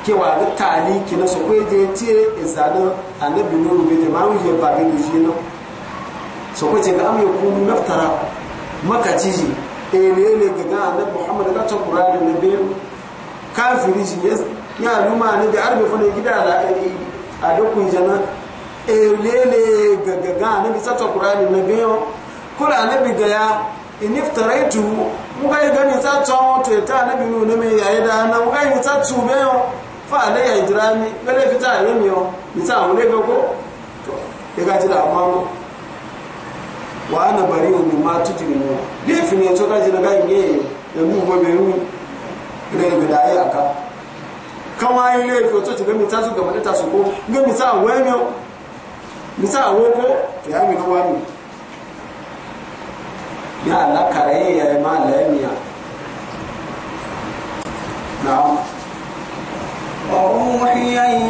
kewa ga tali kina su kuwa je tiye ezani a nabi nuhu bai jama ba ga gishi no su kuce ga amya naftara maka ciji ele ele a nabi muhammad ga ta kurari biyu kafiri shi ya numa ne da arbe fana gida a dokun elele gagaga anabi sata qur'ani na biyo kula anabi ga ya iniftaraitu muga gani ta tawo to ta anabi nu ne mai yayi da na muga yi ta tube fa ale ya idrami bele fita ne mi yo mi wule ga ko to ya ga da amma ko wa ana bari mu ma tujiri mu defi ne to ga na ga yi ne mu bo be ru ne ga da ya kama ile ko to ti ga ta su ga ta su ko ga mi ta wemi misa awoko ya mi ko wani ya la kare ya ma la miya na أوحي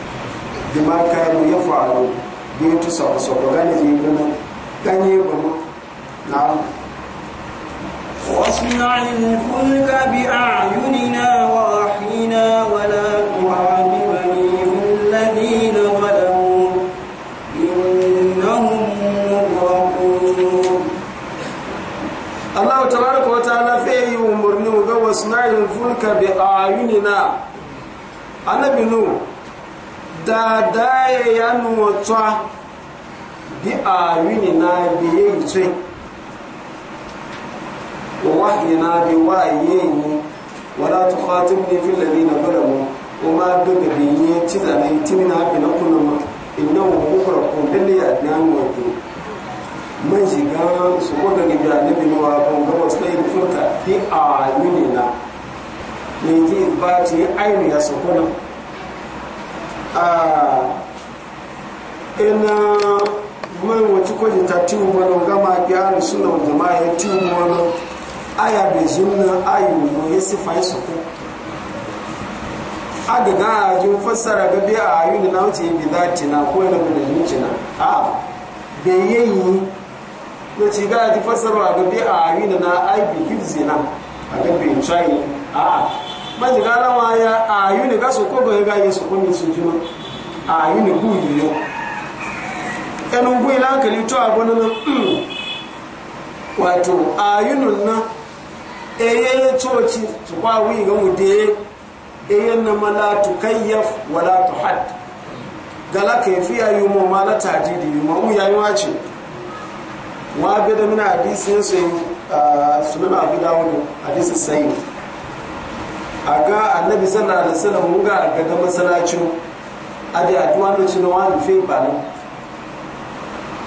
bima kanu ya faru bi tu sabu sabu gani ji gana ganye ba mu na'am واصنع الفلك بأعيننا ووحينا ولا تعاقبني في الذين ظلموا إنهم مغرقون الله تبارك وتعالى فيه أمرني وقال واصنع الفلك بأعيننا أنا بنور ta daya ya nuwatsa bi a yini na biye yi tse wa wahayi na bi waye yi wala ta fatim ne fi labi na bada mu o ma bi da biye ci zane timi na bi na kuna ma inna wa kukura ko dalle ya biya mu wato man shiga su ko da gibi a nabi nuwa ban gaba su kai furta bi a yini na ne ji ba ce ainihin ya sakona ina mai wacce kwajin ta tiwo mana ga gyara suna jama'a ya tiwo mana aya bai zunna ayu ah, ya sifa su soko aga ga ajin fassara ga biya a ayu na wuce yi zati na ko yana da zuci na a da yayi na ci ga ji fassara ga biya a ayu na ai bi ah, hifzina a ga bai tsayi a maji ga lawa ya ayu ne ga so ko go ga yesu ko ni sujuma ayu ne bu yi yo enu bu ila kali to abono no wato ayunun na eye toci su kwa wi ga mude eye na mala tukayyaf wala tuhad gala ke fi mu kayfiya yumo mala tajidi yumo ya yawace wa bi da mina hadisin sai sunan abu dawo hadisin sayyid a ga annabi sallallahu alaihi wasallam mun ga gaga masalaci a da addu'a da cin wani fe ba ne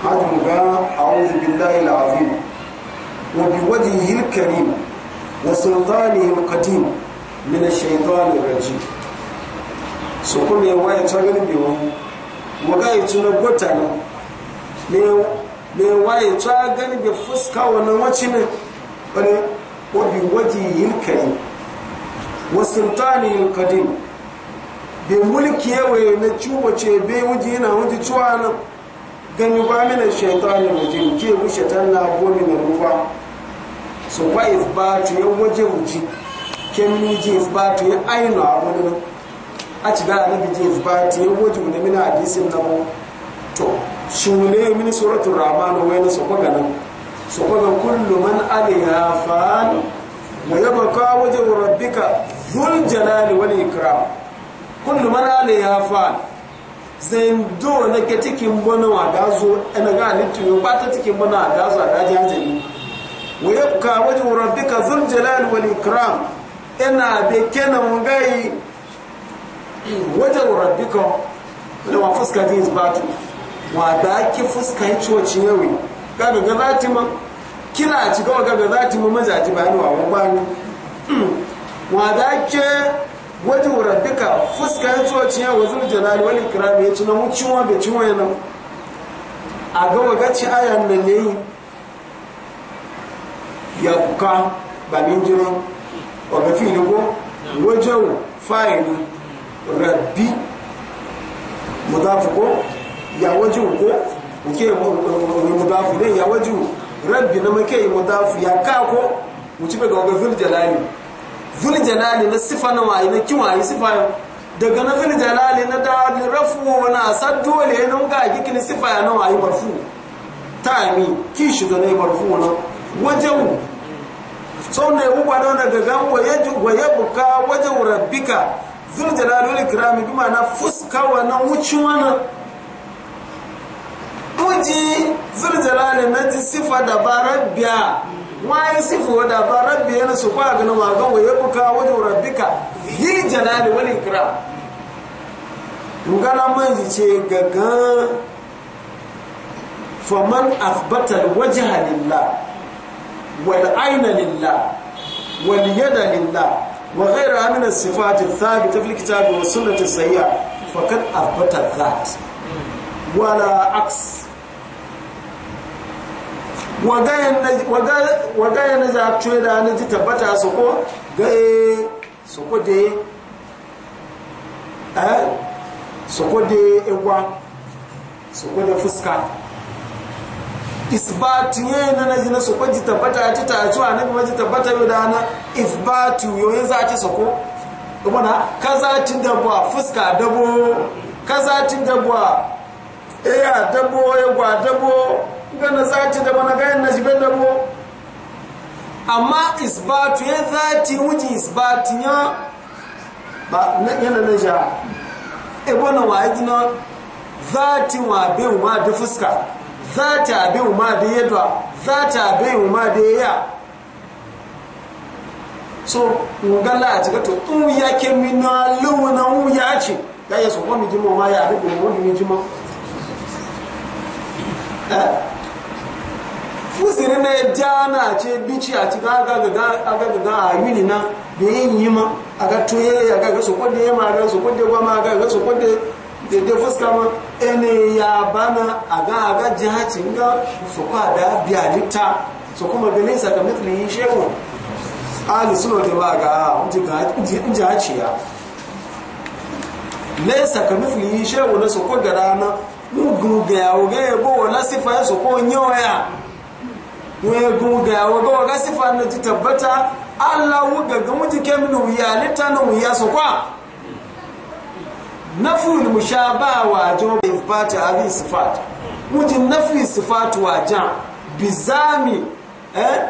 hadu ga a'udhu billahi al-azim wa bi wajhihi al-karim wa sultanihi al-qadim min ash shaytan ar-rajim so ko me waya ta gani bi wa mu ga yi na gota ne me me waya ta gani bi fuska wannan wacin ne ko wa bi wajhihi al-karim wa sultani al-qadim be mulki yawe na cuba ce be wuji yana wuji cuwa na gani ba mina shaitani rajim ke bu shaitan na bo mina ruwa so ba isbatu ya waje wuji ken ni je isbatu ya ainu abu nan a ci da na bije isbatu ya waje mu mina hadisin na mu to shune min suratul rahman wa yana so ko ganan so ko kullu man alaiha fan wa yabqa wajhu rabbika dul jalali wal ikram kullu man alayha fan zain do na ke cikin bona wa da zo ana ga litu yo ba ta cikin bona da zo da jajali wa yabqa wajhu rabbika zul jalali wal ikram ina be kenan gai wajen rabbika da wa fuska ta isbatu wa da ake fuska ya ciwoci yawai gaga ga zati ma kila a cika wa gaga zati ma majaji bayani wa wani wada ke waje wurin duka fuska ya tsoci ya wazir jalali wani kirami ya ci na mucinwa bai cinwa yana a ga wagaci ayan nan ne ya kuka ba min jiro waga fili ko wajen fa'ilu rabbi mudafu ko ya waje ko muke mudafu ne ya waje rabbi na maka yi mudafu ya ka ko mu ci ga wagazir jalali zul jalali na sifa na wayi na kin wayi sifa yau daga na zul jalali na da rafu na saddu le na ga gikin sifa ya na wayi barfu yami ki shi da ne barfu na wajen sau ne uba na daga gan waye buka wajen rabbika zul jalali wal ikrami bi na fuska wa na wuci wana muji zul jalali na ji sifa da biya. waye sifu wadda ba rabbi yana su kwa ganin wa gan waye buka wajen rabbika yi jalali wani kira dugala man ce gaga faman athbata waje halilla lillah aina lilla lillah yada lilla wa ghayra min as sabi ta thabita ta kitab wa sunnah sayya fakat faqad athbata al dhat wala aks wagaya na zaɓce da na ji tabbata su ko gaye su ko da eh su ko da egwa su ko da fuska isbatu yi na na jina su ko ji tabbata ci ta a cewa nabi ji tabbata yau da na isbatu yau yin za ci su ko mana kaza cin dabuwa fuska dabo kaza cin dabuwa eh dabo gwa dabo gana zati da bana gayan na jibe da bo amma isbatu ya zati wuji isbatu ya ba yana na ja ebo na wa gina zati wa be ma da fuska zati be ma da yadwa zati be ma da ya so ngala a cika to tun ya ke mina lewu na wu ya ce ga ya so kwa jima ma ya rubu mu mi jima fusiri na ja na ce bici a cikin agagaga a yuni na da yin yi ma a ga tuye a ga su kwade ya ma aga kwade gwa ma ga ga kwade da da fuska ma ene ya bana a ga a ga jihaci ga su kwa da biya litta su kuma ganin shehu ali suna da ba ga jihaci ya laisa ka mutum shehu na su kwa ga ya su kwa wegu guga wago waga sifa na ti tabbata Allah wuga ga muji kemnu wuya lita na wuya su kwa nafu mushabaha wa jo bi fata abi sifat muji nafi sifat wa jan bizami eh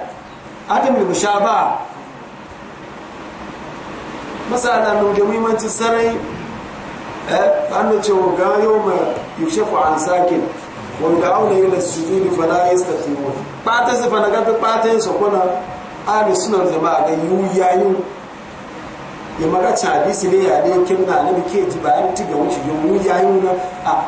adam sha mushabaha masala no da muhimmanci sarai eh an ce ga yau ma yushafu an sakin wanda auna ila sujudi fala yastatimu pata se fana gabe pata yin sokona ahlu sunna wal jamaa ga yu yayu ya maga ta ne ya na nabi ke ba bayan e ti ga wuce yu yayu na a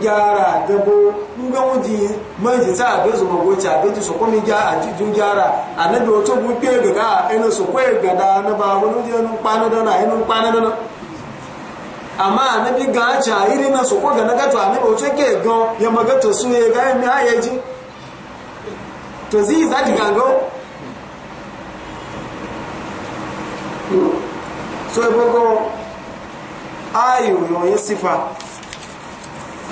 gyara dabo mun ga wuji man ji ta be zo abe a ji gyara annabi wato bu pe gaga e e a ina sokwe ga na ba wani na na ga na ga na ke ga to you za go? so ibogo ayo yo sifa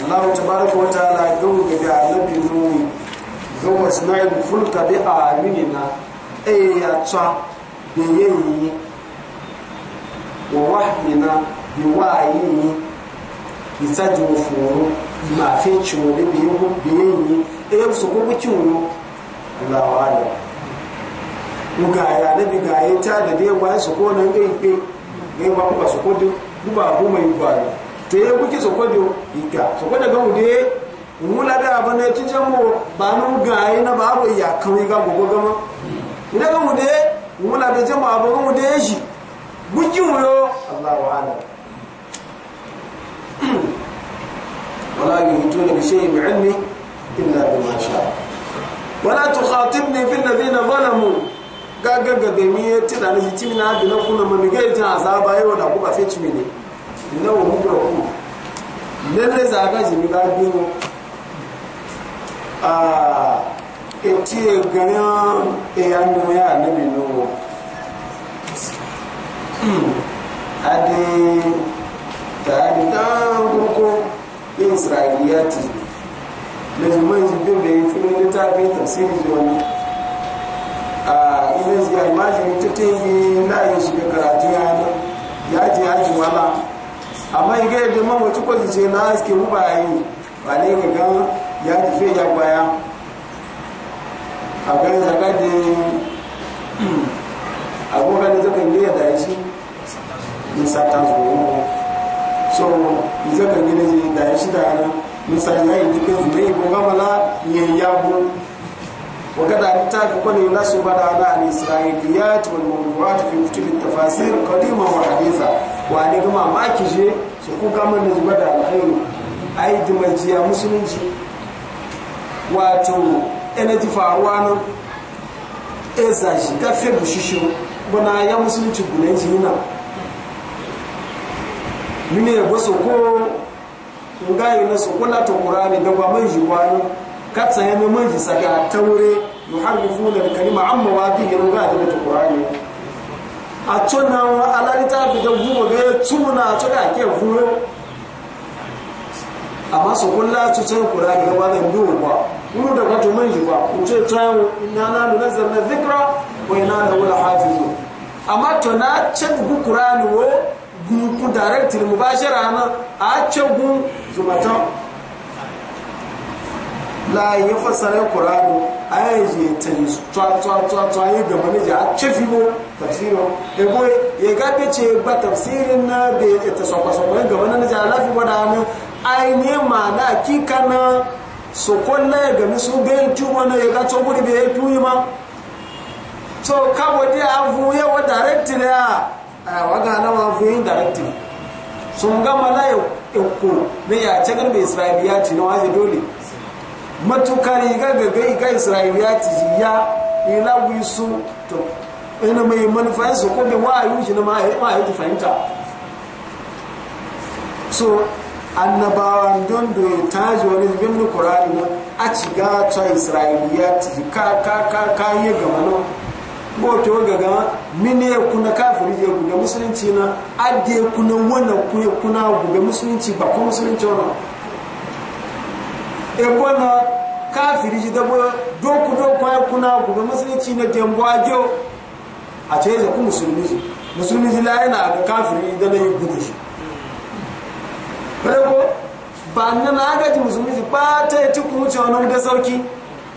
Allah tabaraka wa ta'ala gawo ga da annabi nuhu gawo sana'il fulka bi aminina eh ya tsa da yayi wa wahmina bi bi wayi isajufu ma fi chulo bi yugo bi yayi eh so ko ku chulo Allahu alam muga ya da biga ta da dai wai su ko nan gai pe gai ba ku su ko du ba ku mai ya daga ude da abin da tije mu ba nu ga na ba ba ya kan ga gogo gama ina ga ude mula da jama'a ba mu da shi guji wala tukhatibni fil ladina zalamu gaga ga da mi ya ci da ni ci na da kuna mun ga jin azaba yau da fi fece ne ina wa ne lalle za ga ji mi ga biyo a ah, eti e, e ganyan e ya mu ya ne mi no hmm. ade ta ni ta ko ko israiliyati da jimman jibin da ya fi ne littafin tafsiri da wani a ilin ziya imajin ta yi na yin shiga karatu ya ne ya ji ya ji wala amma yi gaya jimman wacce kwazi ce na haske mu ba yi ba ne ga gan ya ji fe ya baya a ganin zaga da abubuwa da zaka yi ya da shi in satan zuwa so in zakan gina zai da shi da hana misalnya yang jika zuri bungamala nyiyabu wakada ritaf kuna yunasu bada ala ala israeliyat wal mawduat fi kutubi tafasir kadima wa hadiza wa alikuma makije suku kama nizu bada ala khairu aidi majia musulunji watu energy faruwano eza jika febu shishu bona ya musulunji bunenji ina Mimi ya gwaso ko nga yi na sokola to qur'ani da ba man jiwani katsa ya na man saka taure yuharrifuna al-kalima amma wa wadihi nga da to qur'ani a tona wa alalita bi da gubo ga tuna to ga ke furo amma sokola to to qur'ani da ba da duwa mu da wato man jiwa ku ce tawo inna na nunazzalna dhikra wa inna lahu lahafizun amma to na ce qur'ani wo ku ba shi na a cegun zumatan la ya fassara qur'anu ayi a yi twa ta yi twa yi gaba ne ja cefi bo tafsiro e boy ya ga ce ba tafsirin na ya ta so kwaso ne gaba ne ja lafi wada ne ai ne ma na kika na so kolla ya gami su be tuwa na ya gato to guri be tu yi ma so kabo dia avu ya wa direct ne a waga na ma yin directive sun gama na yanku na ya ce garbe isra'iliya ci na waje dole matukar iga gaga ga isra'iliya ci ya ilawi su to ina mai manufan su ko wa yi shi na ma ya fahimta so annabawa don doye ta ji wani zubin da kurari na a ciga ta isra'iliya ci ka ka ka ka yi gama na goto gaga mini ya kuna kafiri ya guga musulunci na adiye kuna wannan ku kuna guga musulunci ba ko musulunci wannan e kuna kafiri ji dabo doku doku ya kuna guga musulunci na dembo ajo a ce ku musulmi ji musulmi ji la yana ga kafiri da na yi gudu shi ko ba nan na ji musulmi ji ba ta yi tukun wuce wannan da sauki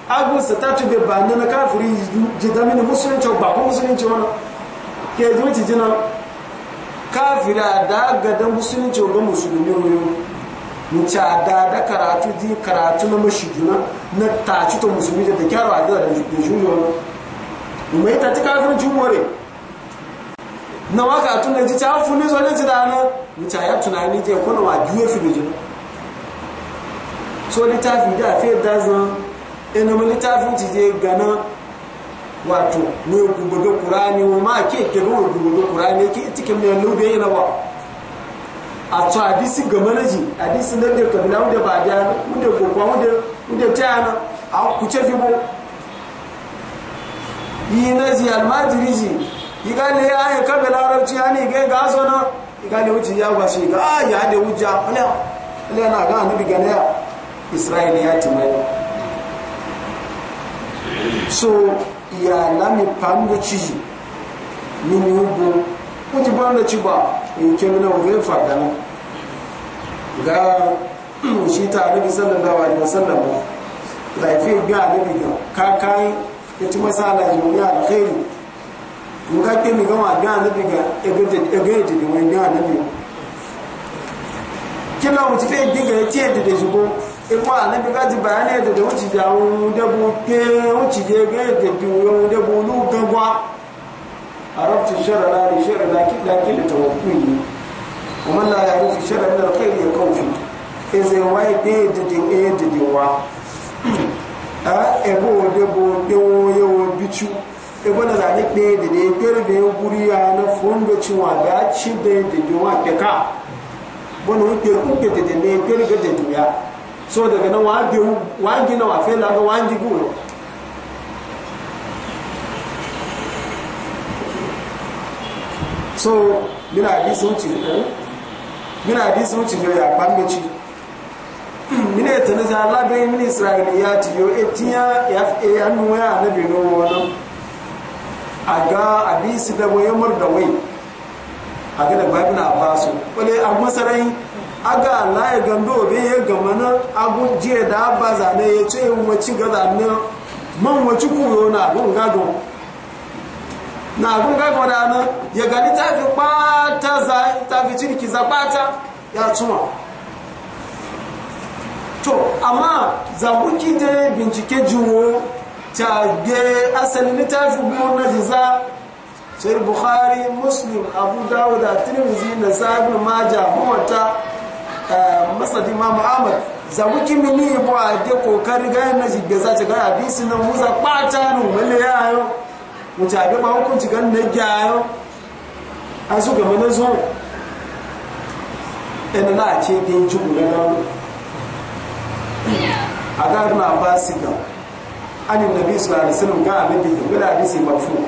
ta satatu be ba na kafiri jidami ni musulunci ba ko musulunci wani ke ci jina kafiri a da gadan musulunci ga musulmi wuyo mace a da da karatu ji karatu na juna na ta ci ta musulmi da kyara a da wani. na mai ta ci kafin jumore na waka tun da ji ta funi zo ne ci da na mace ya tunani je kuna wa juye fi da jina so fi da fiye da zan ina ma littafin ci je gana wato ne gubaga qur'ani wa ma ke ke ga gubaga qur'ani ke cikin mai lube yana ba a to hadisi ga manaji hadisi ne da ka bilawo da ba da mu da gogwa mu da mu da tayana a ku ce fi bo yi na ji almajiri ji yi ga ne ya ya kabila rauci ya ne ga ga zo na yi ga ne wuce ya ba shi ga ya da wuce wuja wala wala na ga annabi ga ne isra'iliya timai so ya lami pando ci ni ni ko ti ci ba e ke mina o fada na ga shi ta annabi sallallahu alaihi wasallam da fi ga annabi ga ka kai ya ci masala ji ya alkhairi mu ga ke mi ga ma ga annabi ga e ga e ga na mu ti fe ya de ko ipo anabi ka ti bayani ẹ̀dẹ̀dẹ̀ ó ti dà ohun dẹ́bu pé ó ti dẹ́ gẹ́ ẹ̀dẹ̀dẹ̀ ohun dẹ́bu olú gangan arab ti ṣẹ́rẹ̀ láti ṣẹ́rẹ̀ láti lè tọ̀wọ̀ kú yìí ọmọ náà yà ló fi ṣẹ́rẹ̀ náà kẹ́ ìyẹn òfin ẹsẹ̀ wá ẹ̀dẹ̀ ẹ̀dẹ̀dẹ̀ ẹ̀dẹ̀dẹ̀ wá ẹ̀bọ̀ dẹ́bu dẹ́wọ́ yẹwọ́ bíchú ẹ̀bọ̀ náà láti pé ẹ̀dẹ̀dẹ̀ ẹ̀dẹ̀dẹ̀ ẹ̀gbúrí àná fún bẹ́ẹ̀ ẹ̀dẹ̀dẹ̀ wọn àpẹ̀ká so daga nan wangi na wafe ga wangi guro so mina sun ci ne mina hadisi wuce ne ya ci mina ya tana za Allah bai mini eh, ya ti yo etiya ya fi ya nuwa annabi no wannan aga hadisi da wayar da wai aga da babina abasu wale a masarai aga la ya gando be ya gama na abu jiya da abba zane ya ce wacce ga zane man wacce kuro na abun gago na abun gago da na ya gani ta fi kpata zai ta fi ciniki za bata ya tuma to amma za kuki da bincike jiwo ta ge ta fi biyu na jiza sai bukhari muslim abu dawuda at-tirmidhi na sahibul majah muwatta Eh, masadi ma Muhammad za kimi ni ibo a de kokari ga na ji da za ta ga hadisi na musa kwata no mele ya yo muta be ba hukunci gan ne ga yo an su ga na zo ina na ce ji jubu na a ga na basi ga an yi nabi su alaihi wasallam ga annabi ga hadisi mafu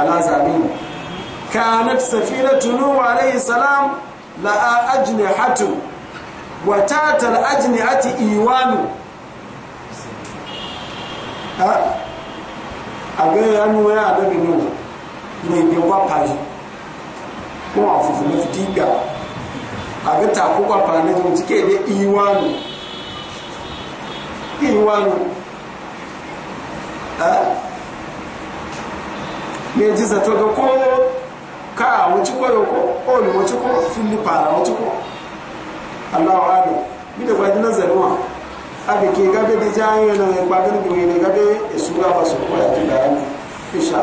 ala zamin kanat safinatu nuh alaihi salam la'a ajnihatu wa tatal ajnihati iwanu a ga yanu ya adabi ne mai bi kwafa shi kuma a fufu na fitiga a ga taku kwafa na jin cike da iwanu iwanu a ne ji to ga kowa káà wọ́n ti kọ́ yòókù ọ̀nà wọ́n ti kọ́ fílípà wọ́n ti kọ́ aláwọ̀ àdùn di já yẹn náà ipa tó níbi wíyẹn gábé èso gábà sọ̀kọ́ yàtọ̀ gàrà ní na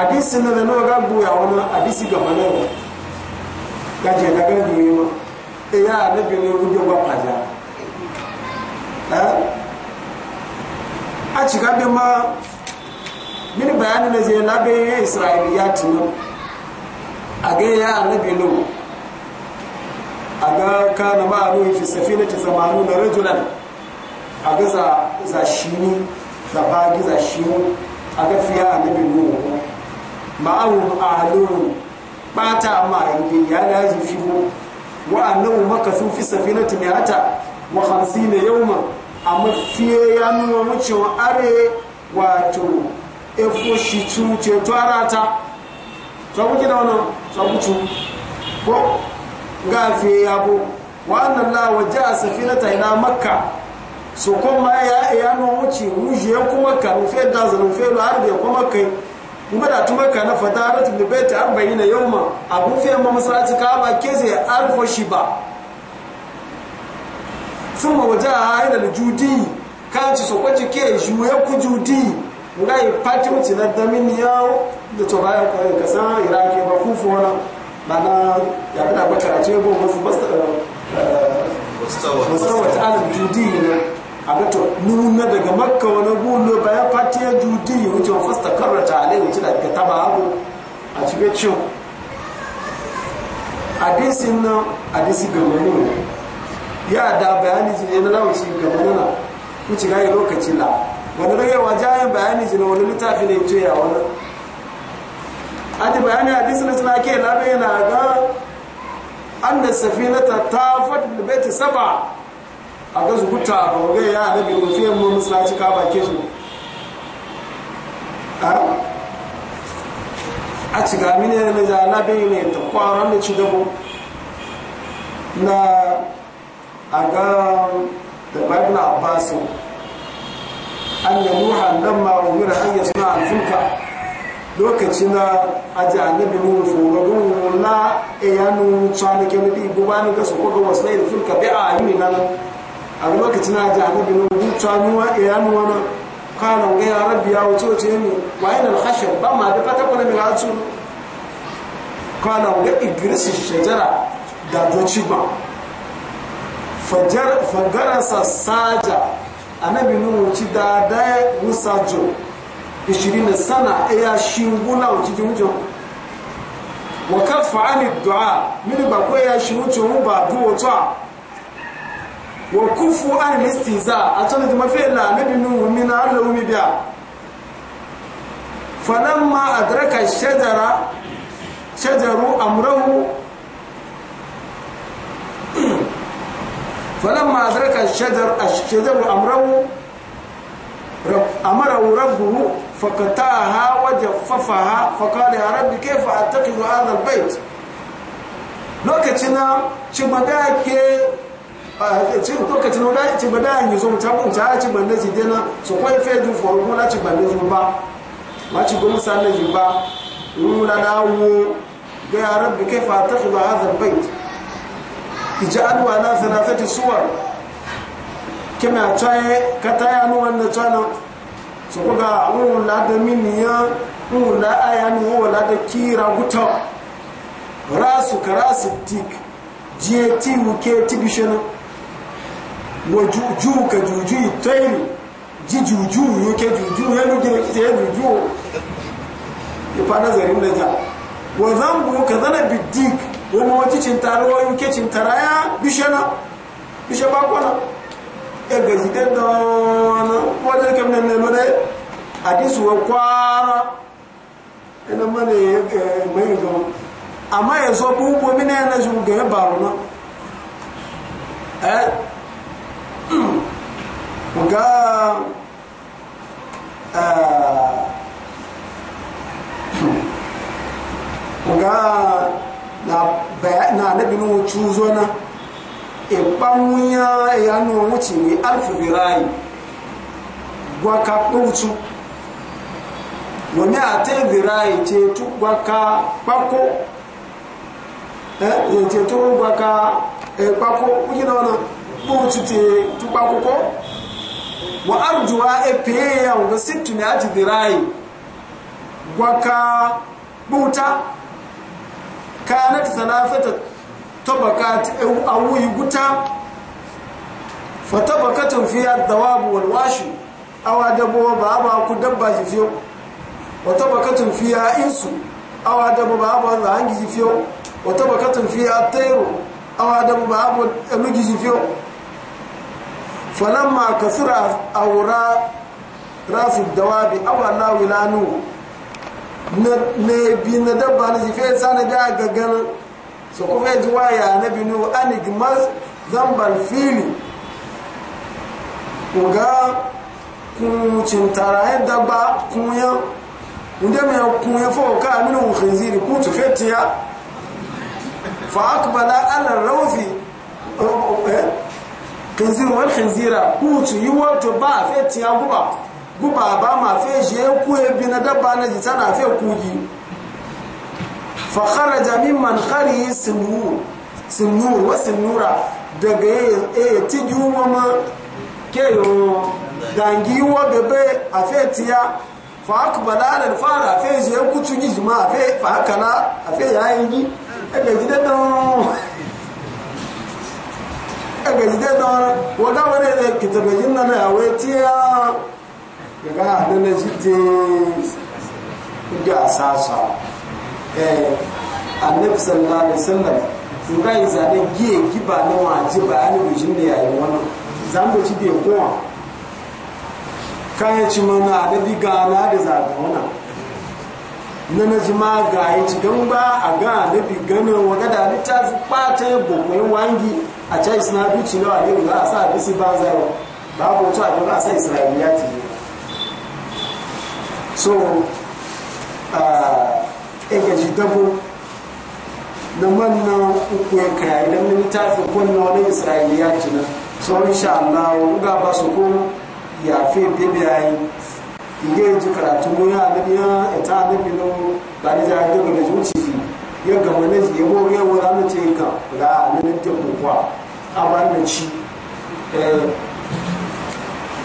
àdìsí náà náà ya bu àwọn náà àdìsí gàmà náà wọ̀ gàjẹ̀ gábé níbi wíyẹn wọn a ci gabe ma mini a ga ya annabi lu a ga kana ma alu fi safinati 80 rajulan a ga za za shini za bagi za shini a ga fiya annabi lu ma'ahu ahlun a ma a yanke ya daji fi mu wa a annahu makasu fi safinati hata wa 50 yawman amma fiye ya nuna mace wa are wato efo shi cuce tuwarata ta kuke da wani. tsagucu ko gafe ya bo wa'annan la waje a ta ina makka so ma ya ya no wuce wuje kuma ka rufe da zarufe lo har da kuma kai kuma da tuma ka na fadarat bi baiti 40 yawma a rufe ma masallaci ka ba shi ba sun ma waje a ila judi kan ci so ke juye ku judi nga yi pati wuce na damin yawo da to bayan kwayo ka san iraki ba kufu wani ba na ya fi dagwa karatu ya gobe basta mustawata alin judi ne a ga to nuna daga makka wani gulo bayan pati ya judi wuce wa fasta karrata alai wuce da ka taba abu a cikin ciwo hadisin nan hadisi gamanu ya da bayani ne na lawaci gamanu na wuce ga yi lokaci la wani rage wajayen bayani jina wani littafi ne ce a wani adi bayani hadisi na suna ke labe yana ga an da na ta fadi da beti saba a ga su kuta a waga ya hanabi rufe mu musulaci ka bake su a ci gami ne na da labe ne ta kwaron da ci gabo na a ga da bayan abbasu an nuha lamma umira an yasna alfulka lokaci na aji annabi mun foro gun na eyanu tsana ke mudi gubani ga su kogo wasna alfulka bi ayuni nan a lokaci na aji annabi mun gun tsani wa eyanu wana kana ga ya rabbi ya wuce wuce ni wa ina alkhashab ba ma da fata kuna mi gatsu kana ga igrisi shajara da doci ba fajar fagarasa saja anabi nuhu ci dada musajo 20 sana ya shingula uci wujo wa kafa ani du'a mini ba ko ya shi mujo mu ba duwo to wa kufu an istiza a tana da mafi la anabi nuhu na Allah mi biya falamma adraka shajara shajaru amrahu فلما أدرك الشجر الشجر أمره رب أمره ربه فقطعها وجففها فقال يا ربي كيف أتخذ هذا البيت لوكتنا شبداك lokacin wadda ci ba da yanyi zuwa tabun ta ci ban da jide na so kwai fedu for ko la ci ban da zuwa ma ci da na ga rabbi hadha ija'alu ala thalathati suwar kima tsaye kataya nu wanda tsana su kuga wun la da miniya wun la aya nu wala da kira guta rasu karasu tik jeti wuke tibishana wa juju ka juju tayri ji juju yuke juju ya nuke ke juju ya fa nazarin da ja wa zambu ka zana bidik wọ́n wọ́n ti cintara wọ́n yóò ké cintara yá bíṣẹ́ náà bíṣẹ́ bá kọ́ náà ẹgbẹ̀ yìí dé dánná wọ́n dé kẹ́mi nínú ẹ̀mọ́ dẹ́ àdísù wọ́n kwara ẹnà mọ́ ni ẹgbẹ̀yìn nga nga na na nuhu cuzo na ibanwunya e, ya nuwa wuce mai alfu birayi gwaka ɗaucu wani a ta birayi ce tu gwaka kwako eh, ya ce tu gwaka eh, kwako kuki da wani ɗaucu ce tu kwako ko wa arjuwa efe yawon ga sittu ne a ti birayi gwaka ɗauta kanat salafata tabakat aw yuguta fa tabakatun fiya dawab wal washu aw adabu baba ku dabba ji fiyo wa tabakatun fiya insu aw adabu baba za hangi ji fiyo wa tabakatun fiya tayru aw adabu baba amugi ji fiyo falamma kasura awra rasu dawabi aw la wilanu na bi na dabba na jife sa na da gaggan su kuma ya ji waya na binu anigmas zambar fili ga kucin ya dabba kunya inda mai kunya fawaka a minin khinziri kutu fetiya fa akbala ala rawfi eh, eh, khinziri wal khinzira kutu yi wato ba fetiya guba guba ba ma fe shi ya kuye bi na dabba na ji tana fe kugi fa kharaja mimman qari sinur sinur wa sinura daga e, e tiju mama ke yo gangi wa bebe a fe tiya fa akbala ala fara fe kutu ji ma fe fa kana a fe yi ni daga gidan don daga e gidan don wa ta wani da kitabejin nan ya wai tiya daga adana jitin gasa sa a nufisar alaihi wasallam to ga iza da giye giba na waje bayani bujin da yayi wannan zan da ci bai kowa kayan ci mana da diga na da zaɓi wana na na ji ma ga yi ci don ba a ga annabi ganin waga da ni ta fi ɓata yi bukwai wangi a ca isna duci na wani ba a sa bisi ba zai ba ko ta ga a sa isra'iliya ti so a gaji dabo da manna uku ya kayi don mini fi kunna wani ci cina so insha Allah ga ba su ko ya fi bibiyayi ige ji karatu mu ya nabi ya ita nabi no ba ni ja ga ga zuci fi ya ga mana ji yabo ya wura mu ce ka da nan ta kuwa a wannan ci eh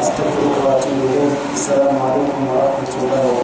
استغفر الله العظيم السلام عليكم ورحمه الله وبركاته